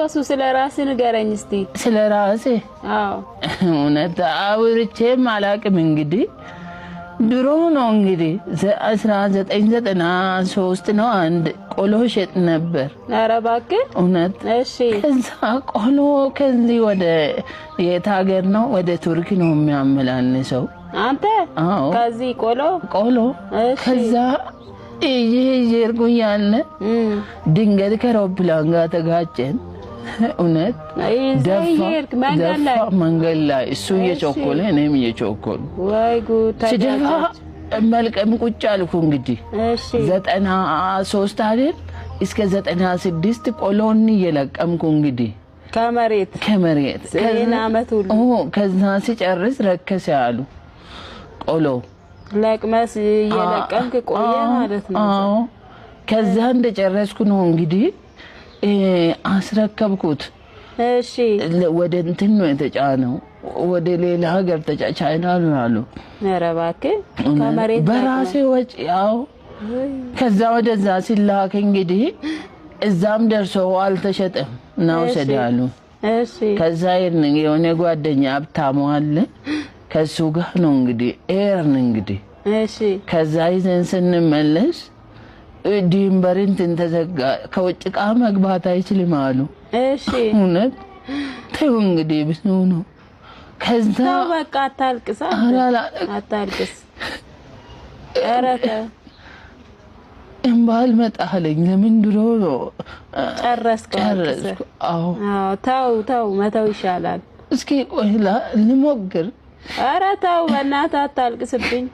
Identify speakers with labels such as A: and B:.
A: ከሱ ስለ ራስህ ንገረኝ እስቲ።
B: ስለ ራሴ? አዎ እውነት አውርቼም አላቅም። እንግዲህ ድሮ ነው እንግዲህ አስራ ዘጠኝ ዘጠና ሶስት ነው አንድ ቆሎ ሸጥ ነበር።
A: ኧረ እባክህ
B: እውነት። እሺ ከዛ ቆሎ ከዚህ ወደ የት ሀገር ነው? ወደ ቱርክ ነው የሚያመላልሰው። አንተ? አዎ
A: ከዚህ ቆሎ
B: ቆሎ ከዛ ይሄ ይርጉ ድንገት ከአውሮፕላን ጋር ተጋጨን። እውነት ደፋ መንገድ ላይ እሱ እየቸኮለ እኔም እየቸኮሉ ስደፋ መልቀም ቁጭ አልኩ። እንግዲህ ዘጠና ሶስት አይደል እስከ ዘጠና ስድስት ቆሎን እየለቀምኩ እንግዲህ ከመሬት ከመሬት ከዛ ሲጨርስ ረከሰ አሉ ቆሎ
A: ለቅመስ እየለቀምክ ቆየ ማለት ነው።
B: ከዛ እንደጨረስኩ ነው እንግዲህ አስረከብኩት። እሺ ወደ እንትን ነው የተጫነው። ወደ ሌላ ሀገር ተጫ ቻይና ነው ያሉ።
A: ኧረ እባክህ
B: በራሴ ወጪ ያው ከዛ ወደዛ ሲላክ እንግዲህ እዛም ደርሶ አልተሸጠም እና ውሰድ አሉ። ከዛ ሄድን። የሆነ ጓደኛ ሀብታሙ አለ ከሱ ጋር ነው እንግዲህ ኤርን እንግዲህ ከዛ ይዘን ስንመለስ ድንበር እንትን ተዘጋ፣ ከውጭ እቃ መግባት አይችልም አሉ። እሺ እውነት ተው እንግዲህ ብሱ ነው።
A: ከዛ በቃ አታልቅሳ፣ አታልቅስ። ኧረ ተው
B: እምባል መጣለኝ። ለምን ድሮ ነው
A: ጨረስኩ። አዎ ተው ተው፣ መተው ይሻላል።
B: እስኪ ቆይ ልሞግር።
A: ኧረ ተው በእናትህ አታልቅስብኝ።